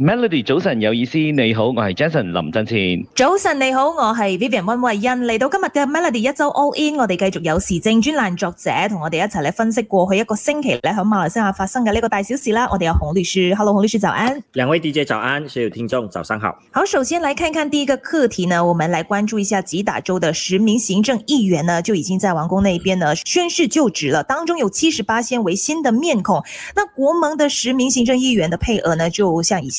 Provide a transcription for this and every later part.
Melody 早晨有意思，你好，我係 Jason 林振前。早晨你好，我係 Vivian 溫慧欣。嚟到今日嘅 Melody 一周 All In，我哋繼續有時政專欄作者同我哋一齊嚟分析過去一個星期咧喺馬來西亞發生嘅呢個大小事啦。我哋有洪律師，Hello，洪律師早安。兩位 DJ 早安，所有聽眾早上好。好，首先來看看第一個課題呢，我們來關注一下吉打州的十名行政議員呢就已經在王宮那邊呢宣誓就職了，當中有七十巴仙為新的面孔。那國盟的十名行政議員的配額呢，就像以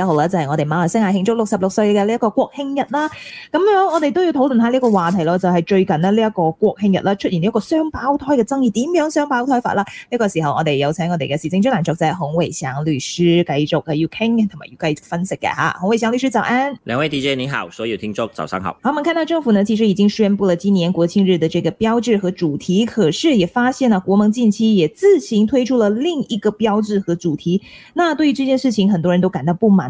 一號咧就係、是、我哋馬來西亞慶祝六十六歲嘅呢一個國慶日啦，咁樣我哋都要討論下呢個話題咯，就係、是、最近呢，呢一個國慶日啦，出現一個雙胞胎嘅爭議，點樣雙胞胎法啦？呢、這個時候我哋有請我哋嘅市政專欄作者孔維祥律師繼續嘅要傾嘅，同埋要繼續分析嘅吓。孔維祥律師早安，兩位 DJ 你好，所有聽眾早上好。好，我們看到政府呢其實已經宣布了今年國慶日嘅這個標誌和主題，可是也發現啦，國盟近期也自行推出了另一個標誌和主題。那對於這件事情，很多人都感到不滿。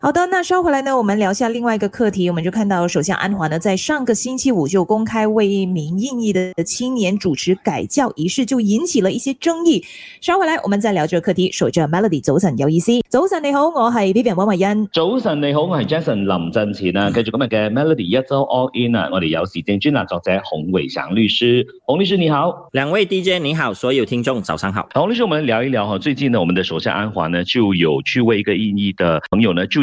好的，那稍回來呢，我們聊下另外一個課題，我們就看到首相安華呢，在上個星期五就公開為一名印尼的青年主持改教儀式，就引起了一些爭議。稍回來，我們再聊這個課題。守者 Melody，早晨幺一 c 早晨你好，我係 B B 王偉恩。早晨你好，我係 Jason 林振前啊。繼續今日嘅 Melody 一周 All In 啊，我哋有時政專欄，作者洪偉祥律師，洪律師你好，兩位 DJ 你好，所有聽眾早上好。好，洪律師，我們聊一聊哈，最近呢，我們的首相安華呢，就有去為一個印尼的朋友呢，就。